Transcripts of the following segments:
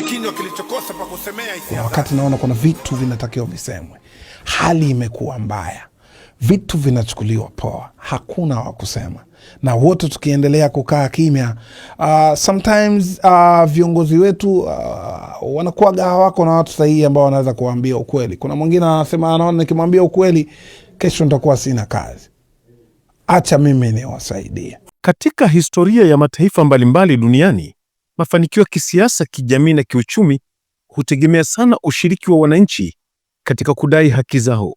mwenye kinywa kilichokosa pa kusemea hisia. Wakati naona kuna vitu vinatakiwa visemwe, hali imekuwa mbaya, vitu vinachukuliwa poa, hakuna wa kusema na wote tukiendelea kukaa kimya, uh, sometimes uh, viongozi wetu uh, gawa wako na watu sahihi ambao wanaweza kuwaambia ukweli. Kuna mwingine anasema anaona nikimwambia ukweli kesho nitakuwa sina kazi, acha mimi niwasaidie. Katika historia ya mataifa mbalimbali duniani Mafanikio ya kisiasa, kijamii na kiuchumi hutegemea sana ushiriki wa wananchi katika kudai haki zao.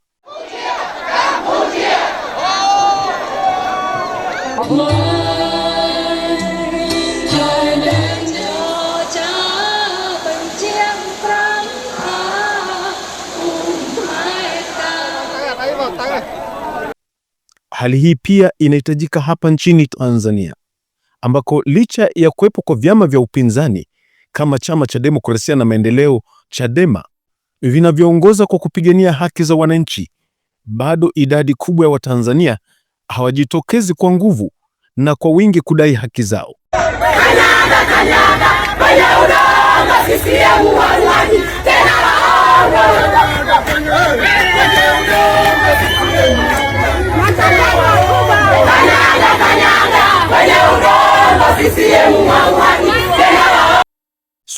Hali hii pia inahitajika hapa nchini Tanzania ambako licha ya kuwepo kwa vyama vya upinzani kama chama cha demokrasia na maendeleo Chadema vinavyoongoza kwa kupigania haki za wananchi, bado idadi kubwa ya Watanzania hawajitokezi kwa nguvu na kwa wingi kudai haki zao. Kanyaga, kanyaga, sisi ya tena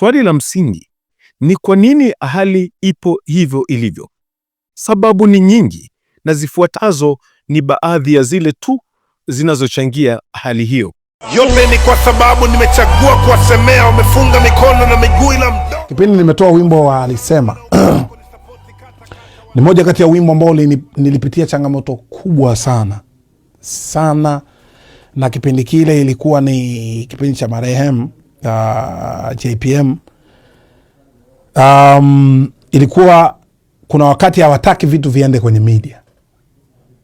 Swali la msingi ni kwa nini hali ipo hivyo ilivyo? Sababu ni nyingi na zifuatazo ni baadhi ya zile tu zinazochangia hali hiyo. Yote ni kwa sababu nimechagua kuwasemea wamefunga mikono na miguu ila mdomo. Kipindi nimetoa wimbo wa alisema ni moja kati ya wimbo ambao nilipitia changamoto kubwa sana sana, na kipindi kile ilikuwa ni kipindi cha marehemu uh, JPM um, ilikuwa kuna wakati hawataki vitu viende kwenye media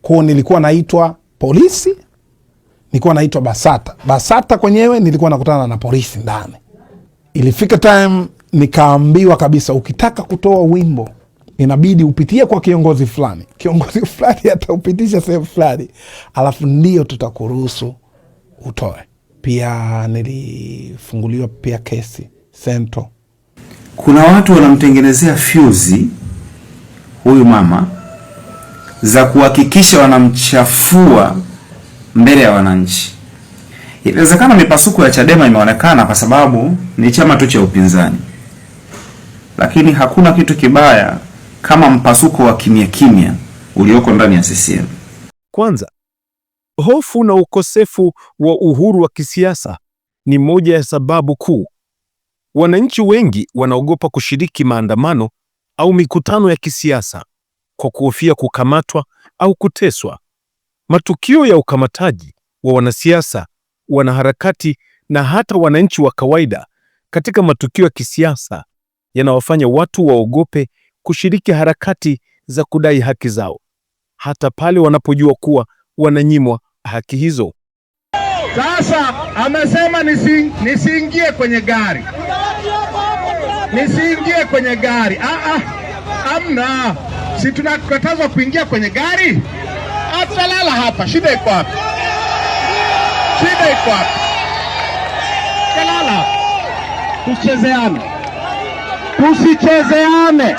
kuu Nilikuwa naitwa polisi, nilikuwa naitwa BASATA. BASATA kwenyewe nilikuwa nakutana na polisi ndani. Ilifika time nikaambiwa kabisa, ukitaka kutoa wimbo inabidi upitie kwa kiongozi fulani, kiongozi fulani ataupitisha sehemu fulani, alafu ndio tutakuruhusu utoe pia nilifunguliwa pia kesi sento. Kuna watu wanamtengenezea fyuzi huyu mama za kuhakikisha wanamchafua mbele ya wananchi. Inawezekana mipasuko ya Chadema imeonekana kwa sababu ni chama tu cha upinzani, lakini hakuna kitu kibaya kama mpasuko wa kimya kimya ulioko ndani ya CCM. Kwanza Hofu na ukosefu wa uhuru wa kisiasa ni moja ya sababu kuu. Wananchi wengi wanaogopa kushiriki maandamano au mikutano ya kisiasa kwa kuhofia kukamatwa au kuteswa. Matukio ya ukamataji wa wanasiasa, wanaharakati na hata wananchi wa kawaida katika matukio ya kisiasa yanawafanya watu waogope kushiriki harakati za kudai haki zao, hata pale wanapojua kuwa wananyimwa haki hizo. Sasa amesema nisiingie kwenye gari, nisiingie kwenye gari. Ah, ah, amna, si tunakatazwa kuingia kwenye gari? Atalala hapa, shida iko hapa, Shida iko wapi? tusichezeane, tusichezeane,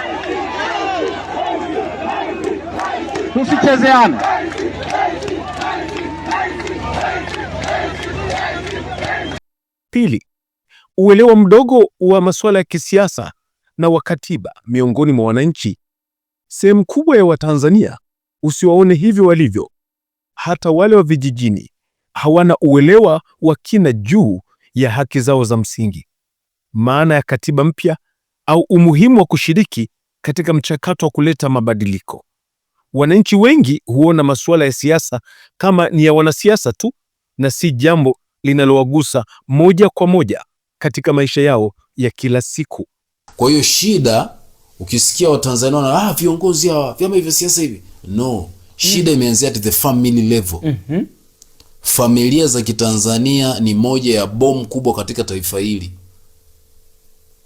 tusichezeane. Pili, uelewa mdogo wa masuala ya kisiasa na wa katiba miongoni mwa wananchi. Sehemu kubwa ya Watanzania usiwaone hivyo walivyo, hata wale wa vijijini hawana uelewa wa kina juu ya haki zao za msingi, maana ya katiba mpya au umuhimu wa kushiriki katika mchakato wa kuleta mabadiliko. Wananchi wengi huona masuala ya siasa kama ni ya wanasiasa tu na si jambo linalowagusa moja kwa moja katika maisha yao ya kila siku. Kwa hiyo shida, ukisikia Watanzania wana ah, viongozi hawa vyama hivyo siasa hivi, no, shida mm. imeanzia at the family level. mm -hmm. Familia za Kitanzania ni moja ya bomu kubwa katika taifa hili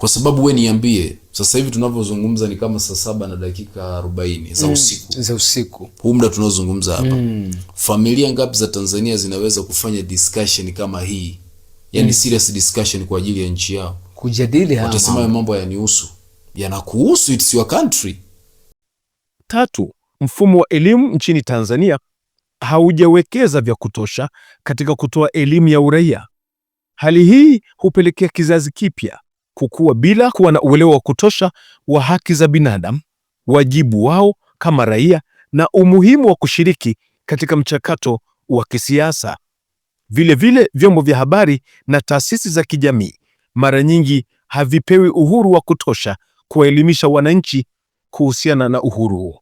kwa sababu we niambie, sasa hivi tunavyozungumza ni kama saa saba na dakika arobaini za mm, usiku mm, za usiku, huu mda tunaozungumza hapa mm, familia ngapi za Tanzania zinaweza kufanya discussion kama hii? Yani mm, serious discussion kwa ajili ya nchi yao, kujadili hapa, watasema mambo yanihusu, yanakuhusu, it's your country. Tatu, mfumo wa elimu nchini Tanzania haujawekeza vya kutosha katika kutoa elimu ya uraia. Hali hii hupelekea kizazi kipya kukua bila kuwa na uelewa wa kutosha wa haki za binadamu, wajibu wao kama raia na umuhimu wa kushiriki katika mchakato wa kisiasa. Vilevile vile, vyombo vya habari na taasisi za kijamii mara nyingi havipewi uhuru wa kutosha kuwaelimisha wananchi kuhusiana na uhuru huo.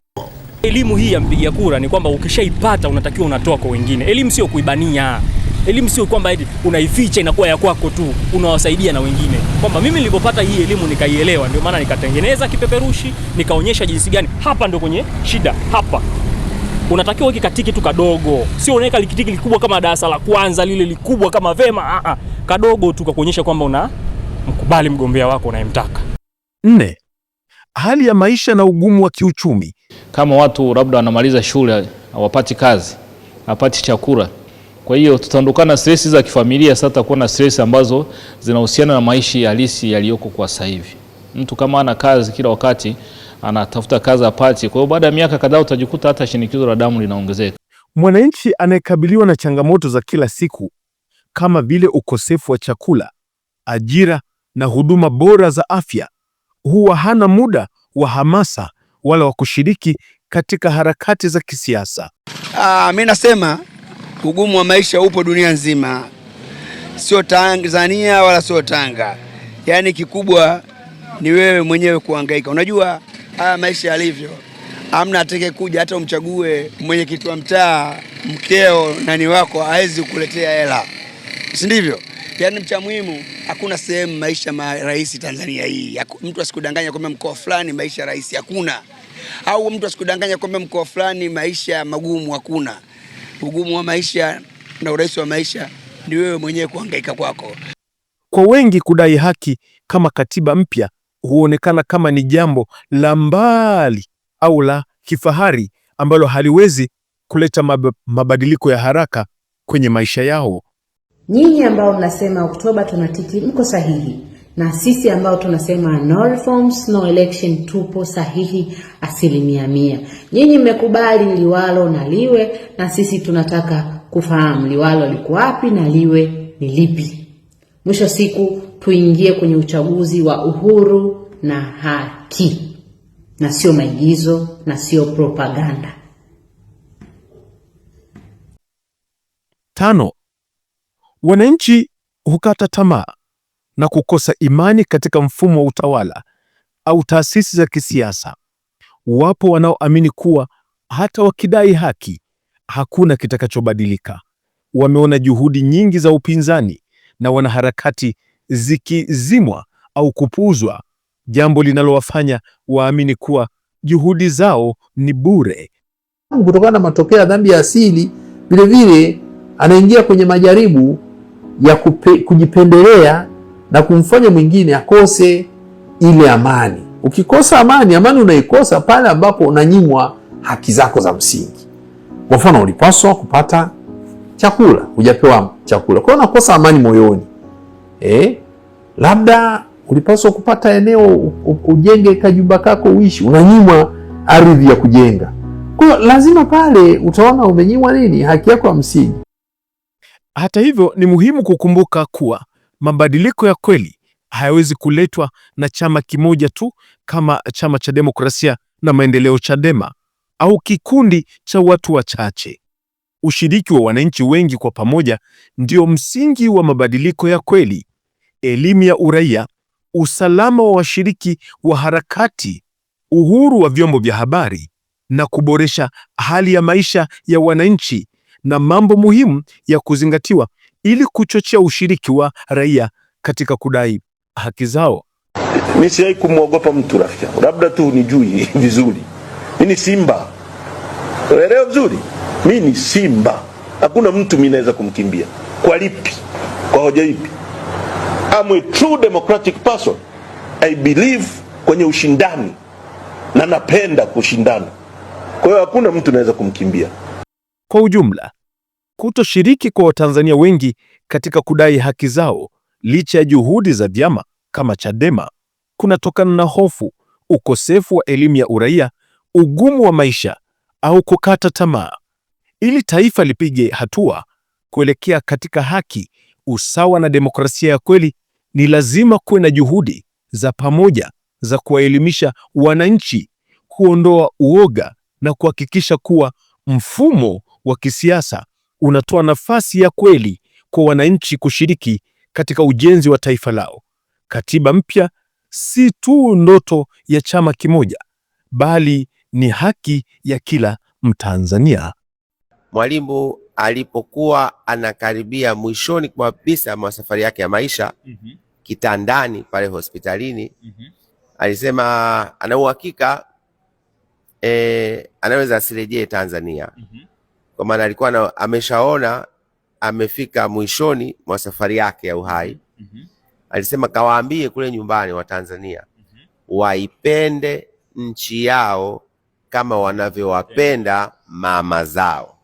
Elimu hii ya mpiga kura ni kwamba ukishaipata unatakiwa unatoa kwa wengine. Elimu sio kuibania. Elimu sio kwamba eti unaificha inakuwa ya kwako tu, unawasaidia na wengine. Kwamba mimi nilipopata hii elimu nikaielewa, ndio maana nikatengeneza kipeperushi, nikaonyesha jinsi gani hapa ndio kwenye shida hapa unatakiwa weke katikitu kadogo, sio unaweka likitiki likubwa kama darasa la kwanza lile likubwa kama vema. a, ah, ah. kadogo tu kakuonyesha kwamba una mkubali mgombea wako unayemtaka. Nne, hali ya maisha na ugumu wa kiuchumi. Kama watu labda wanamaliza shule hawapati kazi, hawapati chakula kwa hiyo tutaondokana na stress za kifamilia, sasa tutakuwa na stress ambazo zinahusiana na maisha halisi yaliyoko kwa sasa hivi. Mtu kama ana kazi kila wakati anatafuta kazi apati, kwa hiyo baada ya miaka kadhaa utajikuta hata shinikizo la damu linaongezeka. Mwananchi anayekabiliwa na changamoto za kila siku kama vile ukosefu wa chakula, ajira na huduma bora za afya huwa hana muda wa hamasa wala wa kushiriki katika harakati za kisiasa. Ah, mimi nasema ugumu wa maisha upo dunia nzima, sio Tanzania wala sio Tanga. Yaani kikubwa ni wewe mwenyewe kuhangaika. Unajua haya maisha yalivyo, amna atake kuja hata umchague mwenyekiti wa mtaa, mkeo, nani wako, hawezi kukuletea hela, si ndivyo? Yaani mcha muhimu, hakuna sehemu maisha marahisi Tanzania hii. Mtu asikudanganya kwamba mkoa fulani maisha rahisi, hakuna. Au mtu asikudanganya kwamba mkoa fulani maisha magumu, hakuna ugumu wa maisha na urahisi wa maisha ni wewe mwenyewe kuhangaika kwako. Kwa wengi kudai haki kama katiba mpya huonekana kama ni jambo la mbali au la kifahari ambalo haliwezi kuleta mab mabadiliko ya haraka kwenye maisha yao. Nyinyi ambao mnasema Oktoba tunatiki, mko sahihi na sisi ambao tunasema no reforms, no election tupo sahihi asilimia mia. Nyinyi mmekubali liwalo na liwe, na sisi tunataka kufahamu liwalo liko wapi na liwe ni lipi. Mwisho siku tuingie kwenye uchaguzi wa uhuru na haki, na sio maigizo na sio propaganda. Tano, wananchi hukata tamaa na kukosa imani katika mfumo wa utawala au taasisi za kisiasa. Wapo wanaoamini kuwa hata wakidai haki hakuna kitakachobadilika. Wameona juhudi nyingi za upinzani na wanaharakati zikizimwa au kupuuzwa, jambo linalowafanya waamini kuwa juhudi zao ni bure. Kutokana na matokeo ya dhambi ya asili, vilevile anaingia kwenye majaribu ya kupe, kujipendelea na kumfanya mwingine akose ile amani. Ukikosa amani, amani unaikosa pale ambapo unanyimwa haki zako za msingi. Kwa mfano, ulipaswa kupata chakula, hujapewa chakula, kwa hiyo unakosa amani moyoni. Eh, labda ulipaswa kupata eneo ujenge kajumba kako uishi, unanyimwa ardhi ya kujenga. Kwa hiyo lazima pale utaona umenyimwa nini, haki yako ya msingi. Hata hivyo, ni muhimu kukumbuka kuwa mabadiliko ya kweli hayawezi kuletwa na chama kimoja tu kama chama cha demokrasia na maendeleo Chadema au kikundi cha watu wachache. Ushiriki wa wananchi wengi kwa pamoja ndio msingi wa mabadiliko ya kweli. Elimu ya uraia, usalama wa washiriki wa harakati, uhuru wa vyombo vya habari na kuboresha hali ya maisha ya wananchi na mambo muhimu ya kuzingatiwa ili kuchochea ushiriki wa raia katika kudai haki zao. Mi siwahi kumwogopa mtu rafiki yangu, labda tu nijui vizuri. Mi ni simba, unaelewa vizuri. Mi ni simba, hakuna mtu mi naweza kumkimbia. Kwa lipi? Kwa hoja ipi? I'm a true democratic person. I believe kwenye ushindani na napenda kushindana, kwa hiyo hakuna mtu naweza kumkimbia. Kwa ujumla kutoshiriki kwa Watanzania wengi katika kudai haki zao licha ya juhudi za vyama kama Chadema kunatokana na hofu, ukosefu wa elimu ya uraia, ugumu wa maisha au kukata tamaa. Ili taifa lipige hatua kuelekea katika haki, usawa na demokrasia ya kweli, ni lazima kuwe na juhudi za pamoja za kuwaelimisha wananchi, kuondoa uoga na kuhakikisha kuwa mfumo wa kisiasa unatoa nafasi ya kweli kwa wananchi kushiriki katika ujenzi wa taifa lao. Katiba mpya si tu ndoto ya chama kimoja, bali ni haki ya kila Mtanzania. Mwalimu alipokuwa anakaribia mwishoni kabisa mwa safari yake ya maisha mm -hmm. kitandani pale hospitalini mm -hmm. alisema ana uhakika e, anaweza asirejee Tanzania mm -hmm kwa maana alikuwa na, ameshaona amefika mwishoni mwa safari yake ya uhai mm -hmm. Alisema kawaambie kule nyumbani wa Tanzania mm -hmm. waipende nchi yao kama wanavyowapenda mama zao.